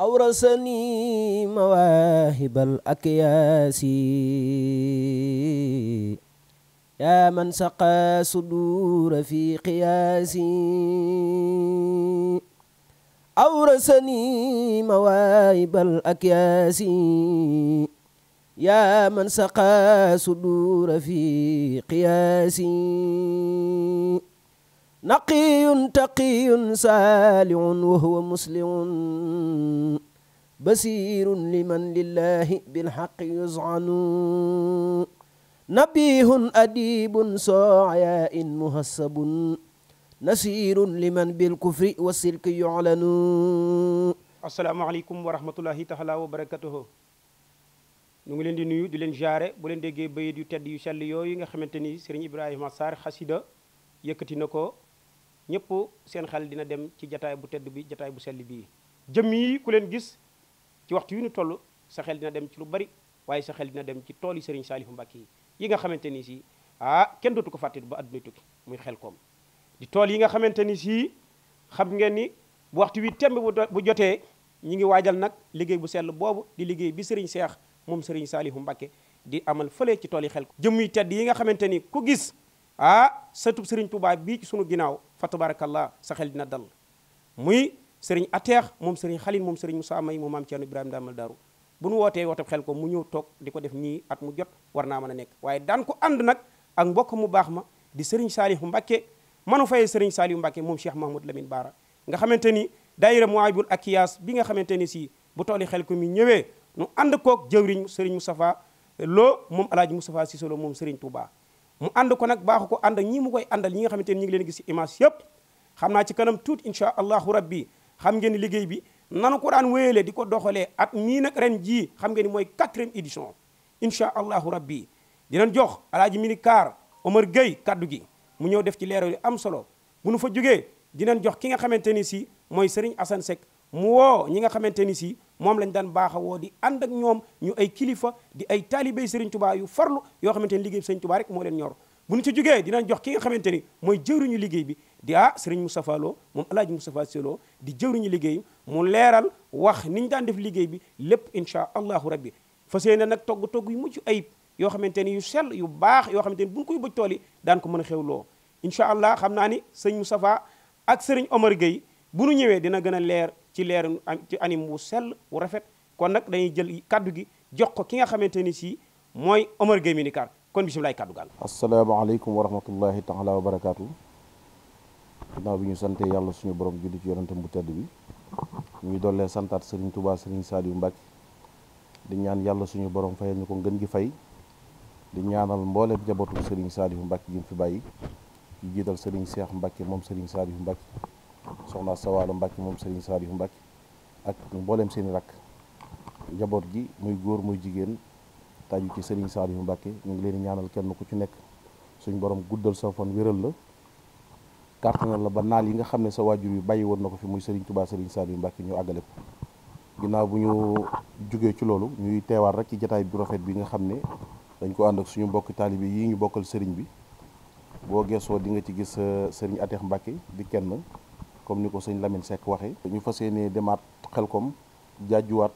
awrasani mawahibal akyaasi yaa man saqa suduura fi qiyaasi awrasani mawahibal نقي تقي سالع وهو مسلم بصير لمن لله بالحق يزعن نبيه أديب صاعياء مهسب نسير لمن بالكفر والسلك يعلن السلام عليكم ورحمة الله تعالى وبركاته ñu ngi leen di nuyu di leen jaare bu leen déggee bayit yu tedd yu sell yooyu nga xamante ni Serigne Ibrahima Sarr xasida yëkkati na ko ñëpp seen xel dina dem ci jataay bu tedd bi jataay bu sell bii jëmm yi ku leen gis ci waxtu yu ñu toll sa xel dina dem ci lu bari waaye sa xel dina dem ci tool yi Serigne Saliou Mbacké yi yi nga xamante ni si ah kenn dootu ko fàtte ba adduna tukki muy xel koom di tool yi nga xamante ni si xam ngeen ni bu waxtu wi temb bu jotee ñu ngi waajal nag liggéey bu sell boobu di liggéey bi Serigne Seex moom Serigne Saliou Mbacké di amal fële ci tool yi xel ko jëmm yi tedd yi nga xamante ni ku gis ah sëtub sëriñ Touba bii ci sunu ginnaaw fa tabarakallah sa xel dina dal muy sëriñ Ateex moom sëriñ Xalil moom sëriñ Moussa May moom maam Ceerno Ibrahima Daamal Daaru bu nu wootee waxtab xel ko mu ñëw toog di ko def nii at mu war naa mën a nekk waaye daan ànd nag ak mbokk mu baax ma di sëriñ Saalihu Mbàkke manu fayee sëriñ Saalihu Mbàkke moom Cheikh Mahmoud Lamine Baara nga xamante ni daayira Mouwahiboul Akyaas bi nga xamante ni si bu tooli xel ko mi ñëwee nu ànd koog jëwriñ sëriñ Moustapha Lo moom alaaji Moustapha Cissé moom sëriñ Touba mu ànd ko nag baaxu ko ànd ak ñi mu koy àndal ñi nga xamante ni ñu ngi leen gi ci image yëpp xam naa ci kanam tuuti incha allahu rabbi xam ngeen liggéey bi nanu ko daan wéyalee di ko doxalee at nii nag ren jii xam ngeen ni mooy quatrième édition incha allahu rabbi dinañ jox alaaji mini kaar Omar Gueye kaddu gi mu ñëw def ci leeral yu am solo bu nu fa jógee dinañ jox ki nga xamante ni si mooy Serigne Assane Seck mu woo ñi nga xamante ni si moom lañ daan baaxawoo di ànd ak ñoom ñu ay kilifa di ay taalibey Serigne tubaa yu farlu yoo xamante ni liggéey bi Serigne Touba rek moo leen ñor bu ñu ci jógee dinañ ki nga xamante ni mooy jëwriñu liggéey bi di ah Serigne Moustapha Lo moom alaaji Moustapha Selo di jëwriñu liggéey mu leeral wax ni ñu daan def liggéey bi lépp inchaa allahu rabbi fas yéene nag togg togg yu mucc ayib yoo xamante ni yu sell yu baax yoo xamante ni buñ koy bëj tool daan ko mën a xewloo incha allah xam naa ni sëñ Moustapha ak sëriñ Omar bu ñu ñëwee dina gën a leer ci leer ci anim wu sell wu rafet kon nag dañuy jël kaddu gi jox ko ki nga xamante ni si mooy Omar Gueye Minicar kon bisimilah kaddu gaal. asalaamaaleykum wa rahmatullahi taala wa barakaatu. ginnaaw bi ñu sante yàlla suñu borom julli ci yonentam bu tedd bi ñu dollee santaat Serigne Touba Serigne Saliou Mbacke di ñaan yàlla suñu borom fayal ñu ko ngën gi fay di ñaanal mbooleem njabootu Serigne Saliou Mbacke gi mu fi bàyyi di jiital Serigne Cheikh Mbacke moom Serigne Saliou Mbacke sa Sawaalo Mbacke moom Serigne yu Mbacke ak mboolem seeni i rakk njaboot gi muy góor muy jigéen taju ci Serigne Saliou Mbacke ñu ngi leen di ñaanal kenn ku ci nekk suñ borom guddal sa fan wéral la kàttanal la ba naal yi nga xam ne sa waajur yu bàyyi woon na ko fi muy Serigne Touba Serigne Saliou Mbacke ñu àggale ko ginnaaw bu ñu jógee ci loolu ñuy teewaat rek ci jataay bu rafet bi nga xam ne dañ ko ànd ak suñu mbokk taalibe yii ñu bokkal sëriñ bi boo geesoo di nga ci gis euh, sëriñ Atex Mbacke di kenn comme ni ko sëñ Lamine Seck waxee. ñu fas yéene demaat xel xelkom jaajuwaat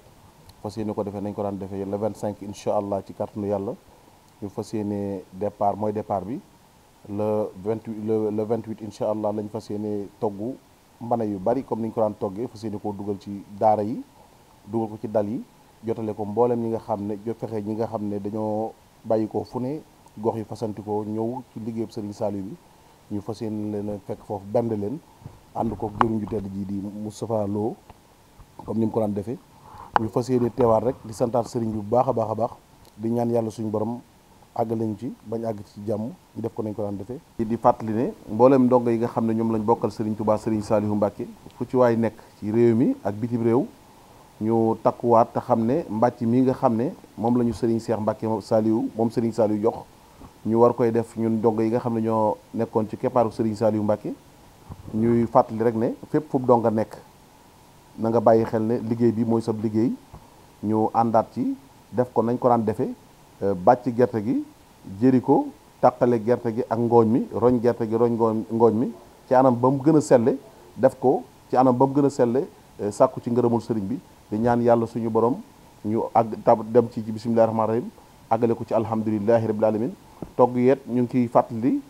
fas yéene ko defee nañ ko daan defee le 25 incha allah ci kàttanu yàlla ñu fas yéene départ mooy départ bi le 28 le le 28 incha allah lañ fa yéene togg mbana yu bari comme ni ñu ko daan toggee fas yéene koo dugal ci daara yi dugal ko ci dal yi jotale ko mbooleem ñi nga xam ne jo fexe ñi nga xam ne dañoo bàyyi ko fu ne gox yu fasantikoo ñëw ci liggéeyub Serigne Saliou bi ñu fas yéene leen fekk foofu bend leen. ànd ko jëruñ ju tedd jii di Moustapha Lo comme ni mu ko daan defee ñu fas yéene teewaat rek di santaat sëriñ bu baax a baax a baax di ñaan yàlla suñu borom àgg lañu ci bañ àgg ci jàmm ñu def ko nañ ko daan defee. di fàttali ne mboolem ndongo yi nga xam ne ñoom lañ bokkal sëriñ Touba sëriñ Saliou Mbacke fu ci waay nekk ci réew mi ak bitim réew ñu takkuwaat te xam ne mbàcc mii nga xam ne moom la ñu sëriñ Cheikh Mbacke Saliou moom sëriñ Saliou jox ñu war koy def ñun ndongo yi nga xam ne ñoo nekkoon ci keppaaru sëriñ Saliou Mbacke ñuy fàttali rek ne fépp fu nga nekk na nga bàyyi xel ne liggéey bi mooy sab liggéey ñu àndaat ci def ko nañ ko daan defee euh, bàcc gerte gi jëri ko tàqale gerte gi ak ngooñ mi roñ gerte gi roñ ngooñ mi ci anam ba mu gën a selle def ko ci anam ba mu gën a selle euh, sàkku ci ngërëmul sëriñ bi di ñaan yàlla suñu borom ñu àgg tab dem ci bisimilahi rahmaani rahim àggale ko ci alhamdulilahi rabil alamin togg yeet ñu ngi ciy fàttali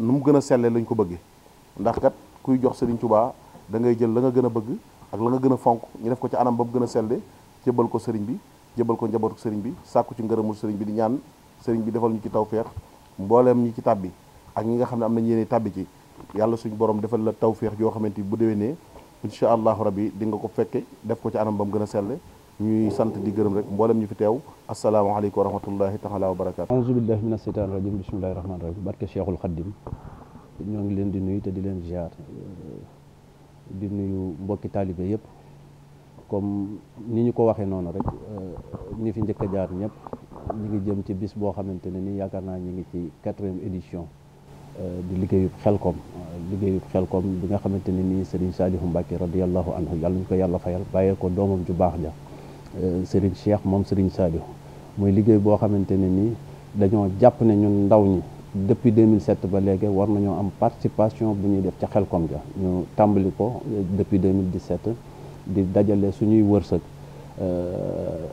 nu mu gën a selle lañ ko bëggee kuy jox Serigne Touba da ngay jël la nga gën a bëgg ak la nga gën a fonk ñu def ko ci anam ba mu gën a selle jëbal ko sëriñ bi jëbal ko njabootu Serigne bi sàkku ci ngërëmul Serigne bi di ñaan Serigne bi defal ñu ci tawféex mbooleem ñi ci tàbbi ak ñi nga xam ne am na nañ yéene tàbbi ci yàlla suñu borom defal la tawféex yoo xamante ni bu déwénee incha allahu rabbi di nga ko fekke def ko ci anam ba mu gën a selle ñuy sant di gërëm rek mboolem ñu fi teew asalaamaaleykum wa rahmatullahi taala ñoo ngi leen di nuyu te di leen ziar di nuyu mbokki taalibe yëpp comme ni ñu ko waxee noonu rek euh, ñi fi njëkk a jaar ñëpp ñi ngi jëm ci bis boo xamante ne ni yaakaar naa ñu ngi ci quatrième édition euh, di liggéeyub xelkom euh, liggéeyub xelkom bi nga xamante ne nii Serigne Saliou Mbacke radiyallahu anhu yàlla ñu ko yàlla fayal bàyyee ko doomam ju baax ja Serigne Cheikh moom Serigne Saliou muy liggéey boo xamante ne nii dañoo jàpp ne ñun ndaw ñi depuis 2007 ba léegi war nañoo am participation bu ñuy def ca xel xelkom ja ñu tàmbali ko depuis 2017 di dajale suñuy wërsëg euh,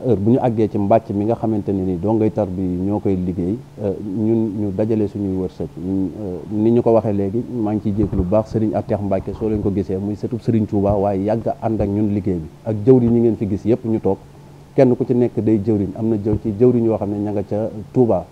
heure bu ñu àggee ci mbàcc mi nga xamante ne ni dongay tar bi ñoo koy liggéey euh, ñun ñu dajale suñuy wërsëg euh, ni ñu ko waxee léegi maa ngi ciy jéeg lu baax Serigne Atex Mbacke soo leen ko gisee muy sëtub Serigne Touba waaye yàgg ànd ak ñun liggéey bi ak jëwriñ ñi ngeen fi gis yëpp ñu toog kenn ku ci nekk day jëwriñ am na jëw ci jëwriñ yoo xam ne ña nga ca Touba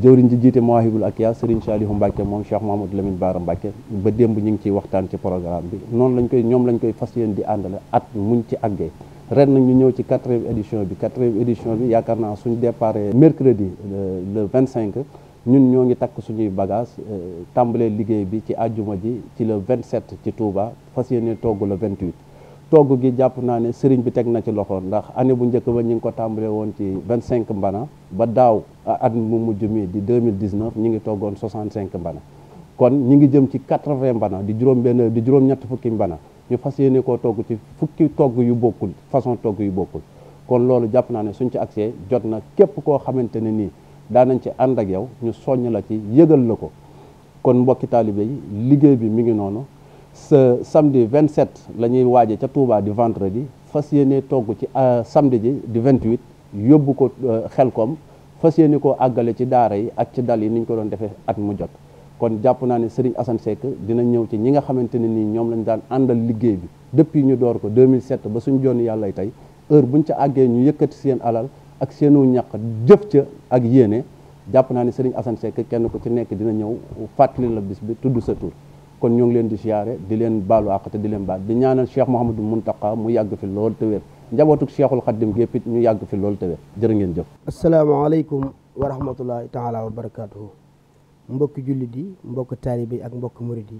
jëwriñ ji jiite Mawahibul Akya Serigne Saliou Mbacke moom Cheikh Mahamadou Lamine Bara Mbacke ba démb ñu ngi ciy waxtaan ci programme bi noonu lañ koy ñoom lañ koy fas yéen di àndale at muñ ci àggee ren nag ñu ñëw ci quatrième édition bi quatrième édition bi yaakaar naa suñu départ mercredi euh, le vingt cinq ñun ñoo ngi takk suñuy bagage euh, tàmbalee liggéey bi ci àjjuma ji ci le vingt sept ci Touba fas yéene togg le vingt huit togg gi jàpp naa ne sëriñ bi teg na ci loxo ndax année bu njëkk ba ñu ngi ko tàmbalee woon ci vingt cinq mbana ba daaw at mu mujj mi di deux mille dix neuf ñu ngi toggoon soixante cinq mbana kon ñu ngi jëm ci quatre vingt mbana di juróom benn di juróom ñett fukki mbana ñu fas yéene koo togg ci fukki togg yu bokkul façon togg yu bokkul kon loolu jàpp naa ne suñ ci accès jot na képp koo xamante ne nii daanañ ci ànd ak yow ñu soññ la ci yëgal la ko kon mbokki taalibe yi liggéey bi mi ngi noonu ce samedi 27 la ñuy waaje ca Touba di vendredi fas yéene togg ci euh, samedi ji di 28 yóbbu ko euh, xel koom fas yéene koo àggale ci daara yi ak ci dal yi ni ñu ko doon defee at mu jot kon jàpp naa ne Serigne Assane Seck dina ñëw ci ñi nga xamante ne nii ñoom lañu daan àndal liggéey bi depuis ñu door ko 2007 ba suñ joon yàllay tey heure buñ ca àggee ñu yëkkati seen alal ak seenu ñaq jëf ca ak yéene jàpp naa ne Serigne Assane Seck kenn ku ci nekk dina ñëw fàttali la bis bi tudd sa kon ñoo ngi leen di siyaare di leen baalu te di leen baal di ñaanal Cheikh mun Mountakha mu yàgg fi lool te wér njabootuk Cheikhul Khadim gépp it ñu yàgg fi lool te wér jërë ngeen jëf. asalaamaaleykum wa rahmatulahi taala wa barakaatuhu mbokki jullit yi mbokk taalibe yi ak mbokk murid di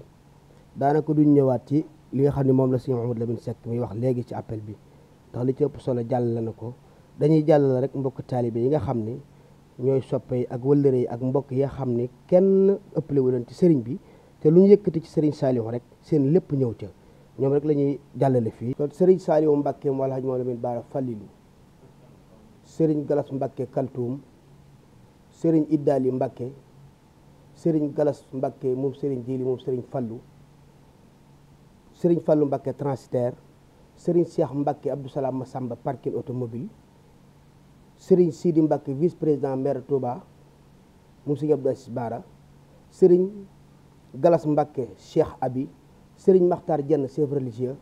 daanaka duñ ñëwaat ci li nga xam ne moom la Sëriñ Mouhamadou Lamine Seck muy wax léegi ci appel bi ndax li ci ëpp solo jàll na ko dañuy jàllale rek mbokk taalibe yi nga xam ne ñooy soppe ak wëllëre yi ak mbokk yi nga xam ne kenn ëppale leen ci sëriñ bi te lu ñu yëkkati ci Serigne Saliou rek seen lépp ñëw ca ñoom rek lañuy ñuy jàllale fii. kon Serigne Saliou Mbacke wala Hadj Maodo Lamine Bara Falilou Serigne Galas Mbacke Kaltoum Serigne Iddaali Mbacke Serigne Galas Mbacke moom sëriñ Djili moom Serigne Fallou Serigne Fallou Mbacke transitaire Serigne Cheikh Mbacke Abdou Salam Massamba parking automobile Serigne Sidi Mbacke vice président maire Touba moom Serigne Abdou Assis Bara Galas Mbacke Cheikh Abi Serigne Makhtar Diène chef religieux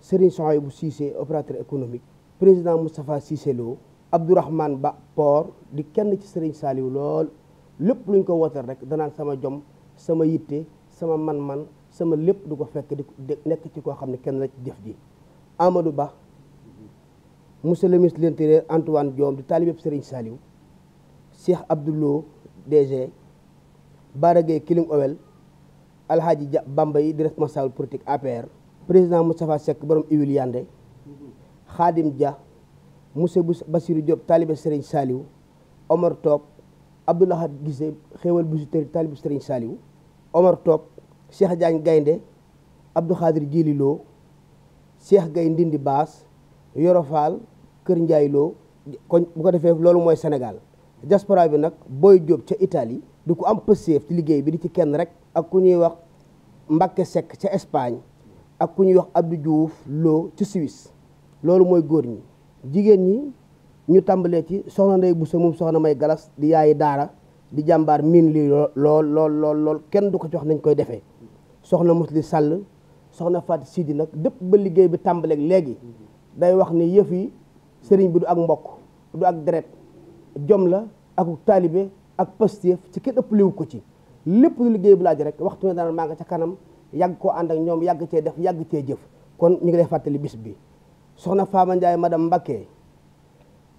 Serigne bu Cissé opérateur économique président Moustapha Cissé Lo Abdourahmane Ba Por di kenn ci Serigne Saliou lool lépp luñ ko wooteel rek danaan sama jom sama yitte sama man-man sama lépp du ko fekk di nekk ci koo xam ne kenn la ci def ji Amadou Ba monsieur le ministre de l'intérieur Antoine Diome di taalib yëpp Serigne Saliou Cheikh Abdoulou DG Bara Gueye Owel Alhaji Ja Bamba yi di responsable politique APR président Moustapha Seck borom iwil yande Khadim Dia monsieur Bassirou Diop taalibe Serigne Saliou Omar Top Abdoulahad Gise xéewal bu suteri taalibe Serigne Saliou Omar Top Cheikh Gaynde Abdou Khadir Jili Lo Cheikh Baas Yoro Kër Ndiaye Lo bu ko defee loolu mooy Sénégal diaspora bi nag Boy Diop ca Italie du ko am pëseef ci liggéey bi di ci kenn rek ak ku ñuy wax Mbacke sekk ca Espagne ak ku ñuy wax Abdou juuf Lo ci siwis loolu mooy góor ñi jigéen ñi ñu tàmbalee ci soxna Ndey Bousso moom soxna May Galas di yaayi daara di jàmbaar miin lii lool lool lool kenn du ko ci wax nañ koy defee soxna Musli sàll soxna Fatou Sidi nag dëpp ba liggéey bi tàmbaleek léegi day wax ni yëf yi sëriñ bi du ak mbokk du ak deret jom la ak taalibe ak Pastef ci ëpp ëppalewu ko ci lépp lu liggéey bu laaj rek waxtu ne daanal maa ngi ca kanam yàgg koo ànd ak ñoom yàgg cee def yàgg cee jëf kon ñu ngi lay fàttali bis bi soxna Faama Ndiaye madame Mbacké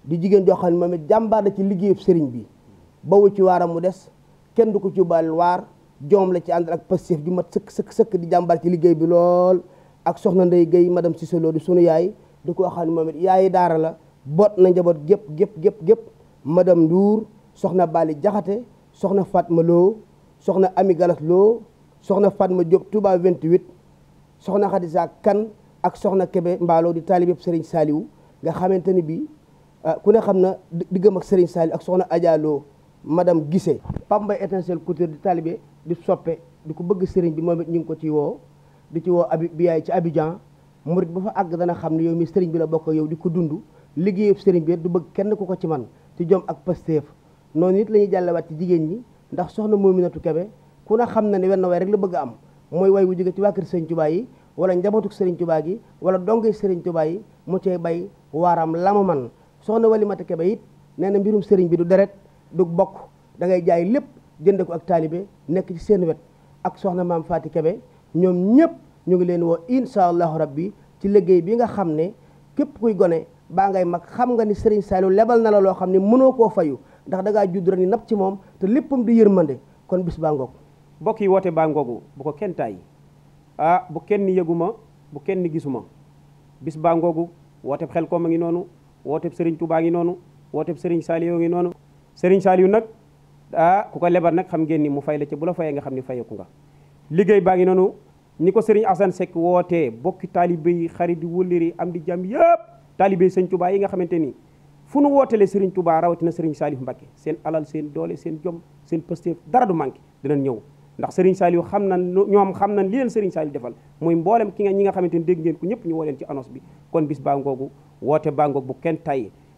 di jigéen joo xam ne moom it jàmbaar da ci liggéeyub sëriñ bi bawu ci waaram mu des kenn du ko ci baal waar joom la ci ànd ak Pastef ju mat sëkk sëkk sëkk di jàmbaar ci liggéey bi lool ak soxna Ndeye Guèye madame Cissé Lo di sunu yaay di ko xam moom it yaayi daara la boot na njaboot gépp gépp gépp gépp madame Ndour soxna Bali Jaxate soxna ma loo soxna Ami Galas Lo soxna Fatma Diop Touba 28 soxna Khadija Kan ak soxna Kebe mbaaloo di taalib Serigne Saliou nga xamante ni bii ah, ku ne xam na diggam ak Serigne Saliou ak soxna Adja Lo madame Guissé Pape Mbaye étincelle couture di taalibe di soppe di ko bëgg Serigne bi moom it ñu ngi ko ci woo di ci woo abi bi yaay ci Abidjan murit ba fa àgg dana xam ne yow mi Serigne bi la bokk yow di ko dund liggéeyu Serigne bi du bëgg kenn ku ko ci man ci jom ak pasteef noonu it la ñuy jàllewaat ci jigéen ñi ndax soxna Mominatou Kébé ku na xam na ne wenn way rek la bëgg am mooy way wu jóge ci waa kër Serigne Touba yi wala njabootu sëriñ Touba gi wala donge Serigne Touba yi mu cay bay waaram la mu man soxna walimati kebe it nee na mbirum Serigne bi du deret du bokk dangay jaay lépp jënd ko ak taalibe nekk ci seen wet ak soxna maam Faati kebe ñoom ñëpp ñu ngi leen woo incha allahu bi ci liggéey bi nga xam ne képp kuy gone baa ngay mag xam nga ni Serigne Saliou lebal na la loo xam ne mënoo koo fayu ndax da ngaa rek ni napp ci moom te léppam di yërmande kon bis baa ngoog mbokk yi woote baa ngoogu bu ko kenn tàyyi ah bu kenn yëguma bu kenn gisuma bis baa ngoogu wooteb xel koom a ngi noonu wooteb Serigne Touba ngi noonu wooteb Serigne Saliou ngi noonu Serigne Saliou nag ah ku ko lebal nag xam ngeen ni mu fay la ca bu la fayee nga xam ni fayeku nga liggéey baa ngi noonu ni ko Serigne Assane Seck wootee bokki taalibe yi xarit yi wëllëri am di jàmm yëpp taalibe Serigne Touba yi xamante ni fu nu wootelee Serigne Touba rawatina Serigne Saliou Mbacké seen alal seen doole seen jom seen pësteef dara du manqué dinañ ñëw ndax Serigne Saliou xam na ñoom xam nañ li leen Serigne Saliou defal muy mboolem ki nga ñi nga xamante ni dégg ngeen ko ñëpp ñu woo leen ci annonce bi kon bis baa ngoogu woote baa ngoog bu kenn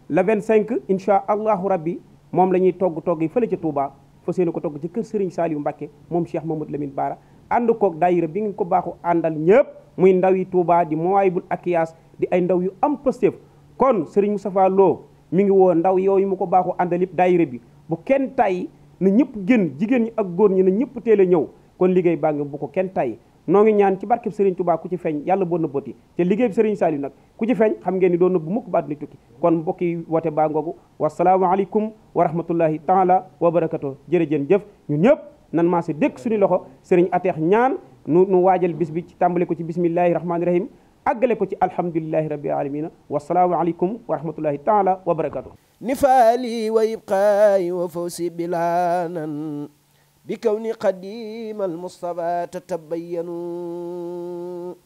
la le cinq incha allahu rabbi moom la ñuy togg togg yi fële ci Touba fa seeni ko togg ci kër Serigne Saliou Mbacké moom Cheikh Mamadou Lamine Bara ànd koog daayira bi nga ko baaxu àndal ñëpp muy ndaw yi Touba di Mawaahibul Akyaas di ay ndaw yu am pësteef kon Serigne Moustapha Lo mi ngi woo ndaw yooyu mu ko baaxu àndal yëpp daayira bi bu kenn tay na ñëpp génn jigéen ñi ak góor ñi na ñëpp teel a ñëw kon liggéey baa ngi bu ko kenn tay noo ngi ñaan ci barkeb Serigne Touba ku ci feeñ yàlla boo nëbbati te liggéey bi Serigne Saliou nag ku ci feeñ xam ngeen ni doo nëbb mukk ba àdduna tukki kon mbokk yi woote baa ngoogu wasalaamaaleykum wa rahmatullahi taala wa jëre jërëjën jëf ñu ñëpp nan maa si dëkk suñu loxo Serigne Ateex ñaan nu nu waajal bis bi ci tàmbale ko ci bismillahi rahmaani rahim àggale ko ci alhamdulillahi rabbil alamina wasalaamu aleykum wa rahmatullahi taala wa barakatuh nifaali wa yibqaayi wa fawsi bilaanan bi kawni qadimal mustafa tatabayanu